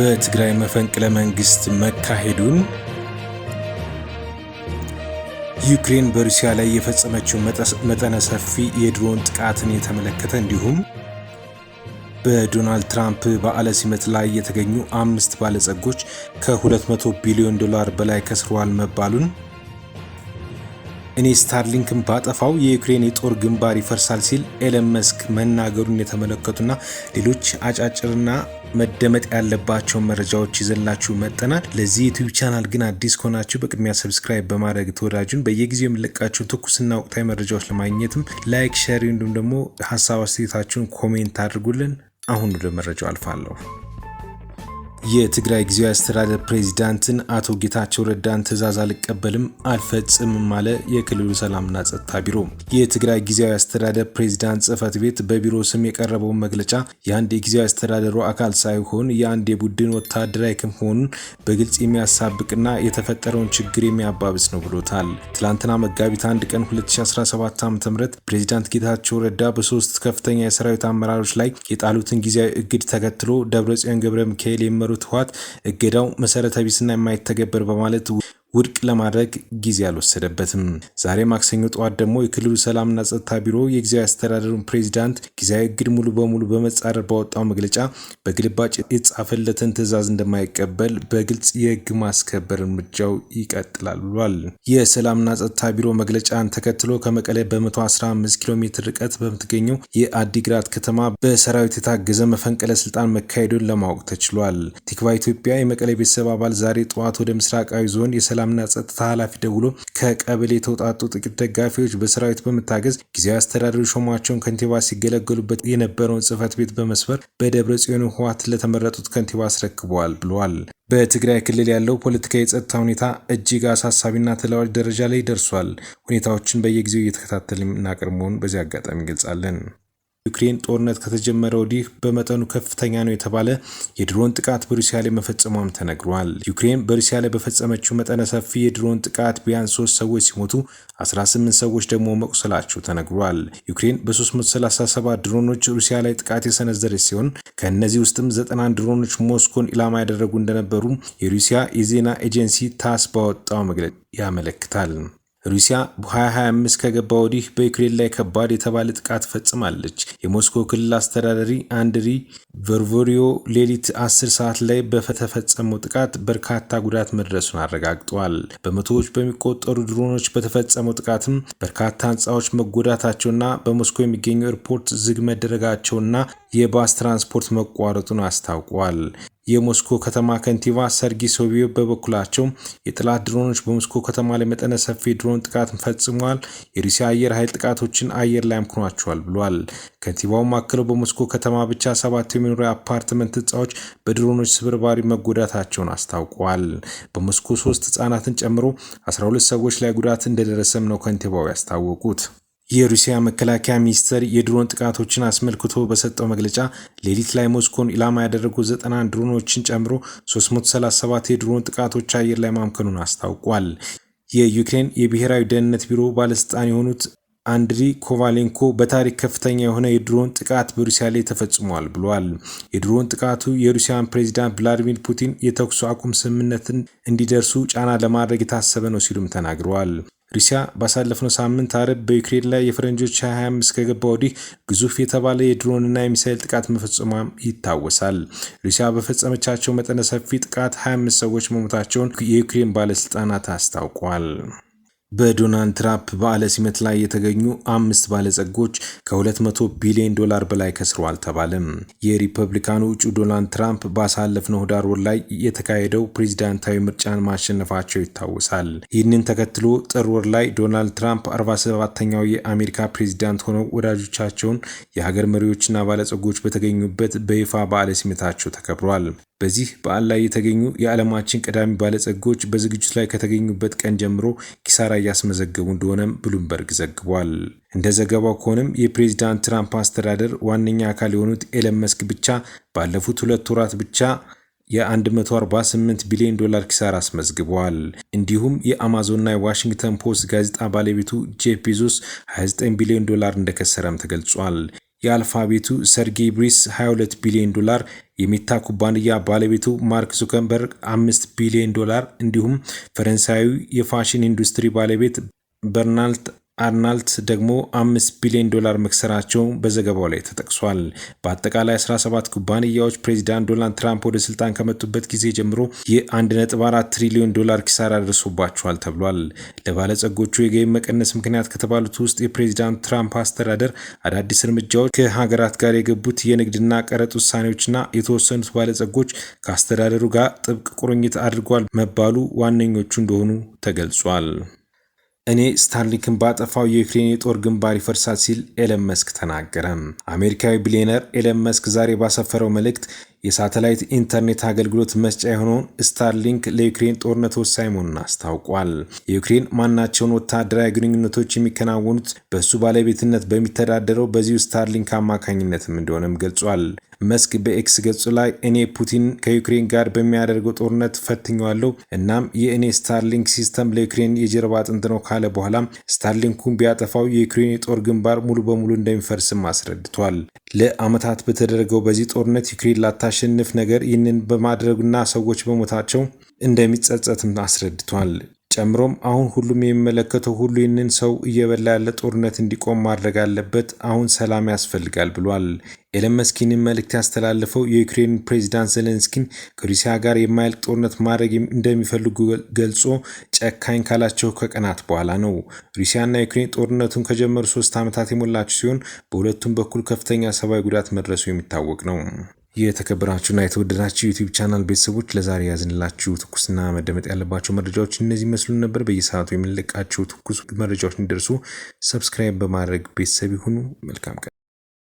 በትግራይ መፈንቅለ መንግስት መካሄዱን፣ ዩክሬን በሩሲያ ላይ የፈጸመችው መጠነ ሰፊ የድሮን ጥቃትን የተመለከተ እንዲሁም በዶናልድ ትራምፕ በዓለ ሲመት ላይ የተገኙ አምስት ባለጸጎች ከ200 ቢሊዮን ዶላር በላይ ከስረዋል መባሉን እኔ ስታርሊንክን ባጠፋው የዩክሬን የጦር ግንባር ይፈርሳል ሲል ኤለን መስክ መናገሩን የተመለከቱና ሌሎች አጫጭርና መደመጥ ያለባቸውን መረጃዎች ይዘላችሁ መጠናል። ለዚህ ዩቲዩብ ቻናል ግን አዲስ ከሆናችሁ በቅድሚያ ሰብስክራይብ በማድረግ ተወዳጁን በየጊዜው የምንለቃችሁን ትኩስና ወቅታዊ መረጃዎች ለማግኘትም ላይክ፣ ሼር እንዲሁም ደግሞ ሀሳብ አስተያየታችሁን ኮሜንት አድርጉልን። አሁን ወደ መረጃው አልፋለሁ። የትግራይ ጊዜያዊ አስተዳደር ፕሬዚዳንትን አቶ ጌታቸው ረዳን ትዕዛዝ አልቀበልም አልፈጽምም አለ የክልሉ ሰላምና ጸጥታ ቢሮ። የትግራይ ጊዜያዊ አስተዳደር ፕሬዚዳንት ጽህፈት ቤት በቢሮ ስም የቀረበውን መግለጫ የአንድ የጊዜያዊ አስተዳደሩ አካል ሳይሆን የአንድ የቡድን ወታደራዊ ክንፍ መሆኑን በግልጽ የሚያሳብቅና የተፈጠረውን ችግር የሚያባብስ ነው ብሎታል። ትላንትና መጋቢት አንድ ቀን 2017 ዓ ም ፕሬዚዳንት ጌታቸው ረዳ በሶስት ከፍተኛ የሰራዊት አመራሮች ላይ የጣሉትን ጊዜያዊ እግድ ተከትሎ ደብረጽዮን ገብረ ሚካኤል የመሩት ያሉት ህወሓት እገዳው መሰረተ ቢስና የማይተገበር በማለት ውድቅ ለማድረግ ጊዜ አልወሰደበትም። ዛሬ ማክሰኞ ጠዋት ደግሞ የክልሉ ሰላምና ጸጥታ ቢሮ የጊዜያዊ አስተዳደሩን ፕሬዚዳንት ጊዜያዊ እግድ ሙሉ በሙሉ በመጻረር ባወጣው መግለጫ በግልባጭ የተጻፈለትን ትዕዛዝ እንደማይቀበል በግልጽ የህግ ማስከበር እርምጃው ይቀጥላል ብሏል። የሰላምና ጸጥታ ቢሮ መግለጫን ተከትሎ ከመቀለ በ115 ኪሎ ሜትር ርቀት በምትገኘው የአዲግራት ከተማ በሰራዊት የታገዘ መፈንቅለ ስልጣን መካሄዱን ለማወቅ ተችሏል። ቲክቫ ኢትዮጵያ የመቀለ ቤተሰብ አባል ዛሬ ጠዋት ወደ ምስራቃዊ ዞን የሰላም ሰላምና ጸጥታ ኃላፊ ደውሎ ከቀበሌ የተውጣጡ ጥቂት ደጋፊዎች በሰራዊት በመታገዝ ጊዜያዊ አስተዳደሩ ሾሟቸውን ከንቲባ ሲገለገሉበት የነበረውን ጽህፈት ቤት በመስበር በደብረ ጽዮን ህወሓት ለተመረጡት ከንቲባ አስረክበዋል ብለዋል። በትግራይ ክልል ያለው ፖለቲካዊ የጸጥታ ሁኔታ እጅግ አሳሳቢና ተለዋጭ ደረጃ ላይ ደርሷል። ሁኔታዎችን በየጊዜው እየተከታተልን እናቀርብ መሆኑን በዚህ አጋጣሚ እንገልጻለን። ዩክሬን ጦርነት ከተጀመረ ወዲህ በመጠኑ ከፍተኛ ነው የተባለ የድሮን ጥቃት በሩሲያ ላይ መፈጸሟም ተነግሯል። ዩክሬን በሩሲያ ላይ በፈጸመችው መጠነ ሰፊ የድሮን ጥቃት ቢያንስ ሶስት ሰዎች ሲሞቱ 18 ሰዎች ደግሞ መቁሰላቸው ተነግሯል። ዩክሬን በ337 ድሮኖች ሩሲያ ላይ ጥቃት የሰነዘረች ሲሆን ከእነዚህ ውስጥም 91 ድሮኖች ሞስኮን ኢላማ ያደረጉ እንደነበሩ የሩሲያ የዜና ኤጀንሲ ታስ ባወጣው መግለጫ ያመለክታል። ሩሲያ በ2025 ከገባ ወዲህ በዩክሬን ላይ ከባድ የተባለ ጥቃት ፈጽማለች። የሞስኮ ክልል አስተዳዳሪ አንድሪ ቨርቮሪዮ ሌሊት 10 ሰዓት ላይ በተፈጸመው ጥቃት በርካታ ጉዳት መድረሱን አረጋግጠዋል። በመቶዎች በሚቆጠሩ ድሮኖች በተፈጸመው ጥቃትም በርካታ ህንፃዎች መጎዳታቸውና በሞስኮ የሚገኘው ኤርፖርት ዝግ መደረጋቸውና የባስ ትራንስፖርት መቋረጡን አስታውቋል። የሞስኮ ከተማ ከንቲባ ሰርጊ ሶቪዮ በበኩላቸው የጠላት ድሮኖች በሞስኮ ከተማ ላይ መጠነ ሰፊ ድሮን ጥቃት ፈጽመዋል፣ የሩሲያ አየር ኃይል ጥቃቶችን አየር ላይ አምክኗቸዋል ብሏል። ከንቲባውም አክለው በሞስኮ ከተማ ብቻ ሰባት የመኖሪያ አፓርትመንት ህንፃዎች በድሮኖች ስብርባሪ መጎዳታቸውን አስታውቀዋል። በሞስኮ ሶስት ህጻናትን ጨምሮ 12 ሰዎች ላይ ጉዳት እንደደረሰም ነው ከንቲባው ያስታወቁት። የሩሲያ መከላከያ ሚኒስቴር የድሮን ጥቃቶችን አስመልክቶ በሰጠው መግለጫ ሌሊት ላይ ሞስኮን ኢላማ ያደረጉ 91 ድሮኖችን ጨምሮ 337 የድሮን ጥቃቶች አየር ላይ ማምከኑን አስታውቋል። የዩክሬን የብሔራዊ ደህንነት ቢሮ ባለስልጣን የሆኑት አንድሪ ኮቫሌንኮ በታሪክ ከፍተኛ የሆነ የድሮን ጥቃት በሩሲያ ላይ ተፈጽሟል ብሏል። የድሮን ጥቃቱ የሩሲያን ፕሬዚዳንት ቭላዲሚር ፑቲን የተኩስ አቁም ስምምነትን እንዲደርሱ ጫና ለማድረግ የታሰበ ነው ሲሉም ተናግረዋል። ሩሲያ ባሳለፍነው ሳምንት አረብ በዩክሬን ላይ የፈረንጆች 25 ከገባ ወዲህ ግዙፍ የተባለ የድሮንና የሚሳይል ጥቃት መፈጸሟም ይታወሳል። ሩሲያ በፈጸመቻቸው መጠነ ሰፊ ጥቃት 25 ሰዎች መሞታቸውን የዩክሬን ባለስልጣናት አስታውቋል። በዶናልድ ትራምፕ በዓለ ሲመት ላይ የተገኙ አምስት ባለጸጎች ከ200 ቢሊዮን ዶላር በላይ ከስረዋል ተባለም። የሪፐብሊካኑ እጩ ዶናልድ ትራምፕ ባሳለፍነው ህዳር ወር ላይ የተካሄደው ፕሬዚዳንታዊ ምርጫን ማሸነፋቸው ይታወሳል። ይህንን ተከትሎ ጥር ወር ላይ ዶናልድ ትራምፕ 47 ተኛው የአሜሪካ ፕሬዚዳንት ሆነው ወዳጆቻቸውን የሀገር መሪዎችና ባለጸጎች በተገኙበት በይፋ በዓለ ሲመታቸው ተከብሯል። በዚህ በዓል ላይ የተገኙ የዓለማችን ቀዳሚ ባለጸጎች በዝግጅቱ ላይ ከተገኙበት ቀን ጀምሮ ኪሳራ እያስመዘገቡ እንደሆነም ብሉምበርግ ዘግቧል። እንደ ዘገባው ከሆነም የፕሬዚዳንት ትራምፕ አስተዳደር ዋነኛ አካል የሆኑት ኤለን መስክ ብቻ ባለፉት ሁለት ወራት ብቻ የ148 ቢሊዮን ዶላር ኪሳራ አስመዝግበዋል። እንዲሁም የአማዞንና የዋሽንግተን ፖስት ጋዜጣ ባለቤቱ ጄፍ ቤዞስ 29 ቢሊዮን ዶላር እንደከሰረም ተገልጿል። የአልፋቤቱ ሰርጌይ ብሪስ 22 ቢሊዮን ዶላር፣ የሜታ ኩባንያ ባለቤቱ ማርክ ዙከንበርግ 5 ቢሊዮን ዶላር እንዲሁም ፈረንሳዊ የፋሽን ኢንዱስትሪ ባለቤት በርናልድ አርናልት ደግሞ አምስት ቢሊዮን ዶላር መክሰራቸው በዘገባው ላይ ተጠቅሷል። በአጠቃላይ 17 ኩባንያዎች ፕሬዚዳንት ዶናልድ ትራምፕ ወደ ስልጣን ከመጡበት ጊዜ ጀምሮ የ1.4 ትሪሊዮን ዶላር ኪሳራ ደርሶባቸዋል ተብሏል። ለባለጸጎቹ የገቢ መቀነስ ምክንያት ከተባሉት ውስጥ የፕሬዚዳንት ትራምፕ አስተዳደር አዳዲስ እርምጃዎች፣ ከሀገራት ጋር የገቡት የንግድና ቀረጥ ውሳኔዎችና የተወሰኑት ባለጸጎች ከአስተዳደሩ ጋር ጥብቅ ቁርኝት አድርጓል መባሉ ዋነኞቹ እንደሆኑ ተገልጿል። እኔ ስታርሊንክን ባጠፋው የዩክሬን የጦር ግንባር ይፈርሳል ሲል ኤለን መስክ ተናገረ። አሜሪካዊ ቢሊዮነር ኤለን መስክ ዛሬ ባሰፈረው መልእክት የሳተላይት ኢንተርኔት አገልግሎት መስጫ የሆነውን ስታርሊንክ ለዩክሬን ጦርነት ወሳኝ መሆኑን አስታውቋል። የዩክሬን ማናቸውን ወታደራዊ ግንኙነቶች የሚከናወኑት በእሱ ባለቤትነት በሚተዳደረው በዚሁ ስታርሊንክ አማካኝነትም እንደሆነም ገልጿል። መስክ በኤክስ ገጹ ላይ እኔ ፑቲን ከዩክሬን ጋር በሚያደርገው ጦርነት ፈትኘዋለሁ፣ እናም የእኔ ስታርሊንክ ሲስተም ለዩክሬን የጀርባ አጥንት ነው ካለ በኋላ ስታርሊንኩን ቢያጠፋው የዩክሬን የጦር ግንባር ሙሉ በሙሉ እንደሚፈርስም አስረድቷል። ለአመታት በተደረገው በዚህ ጦርነት ዩክሬን ላታሸንፍ ነገር ይህንን በማድረጉና ሰዎች በሞታቸው እንደሚጸጸትም አስረድቷል። ጨምሮም አሁን ሁሉም የሚመለከተው ሁሉ ይህንን ሰው እየበላ ያለ ጦርነት እንዲቆም ማድረግ አለበት፣ አሁን ሰላም ያስፈልጋል ብሏል። ኤለን መስኪንን መልእክት ያስተላለፈው የዩክሬን ፕሬዚዳንት ዜሌንስኪን ከሩሲያ ጋር የማያልቅ ጦርነት ማድረግ እንደሚፈልጉ ገልጾ ጨካኝ ካላቸው ከቀናት በኋላ ነው። ሩሲያና ዩክሬን ጦርነቱን ከጀመሩ ሶስት ዓመታት የሞላቸው ሲሆን በሁለቱም በኩል ከፍተኛ ሰብአዊ ጉዳት መድረሱ የሚታወቅ ነው። የተከበራችሁና የተወደዳችሁ ዩቲዩብ ቻናል ቤተሰቦች ለዛሬ ያዝንላችሁ ትኩስና መደመጥ ያለባቸው መረጃዎች እነዚህ መስሉ ነበር። በየሰዓቱ የምንለቃቸው ትኩስ መረጃዎች እንዲደርሱ ሰብስክራይብ በማድረግ ቤተሰብ ይሁኑ። መልካም ቀን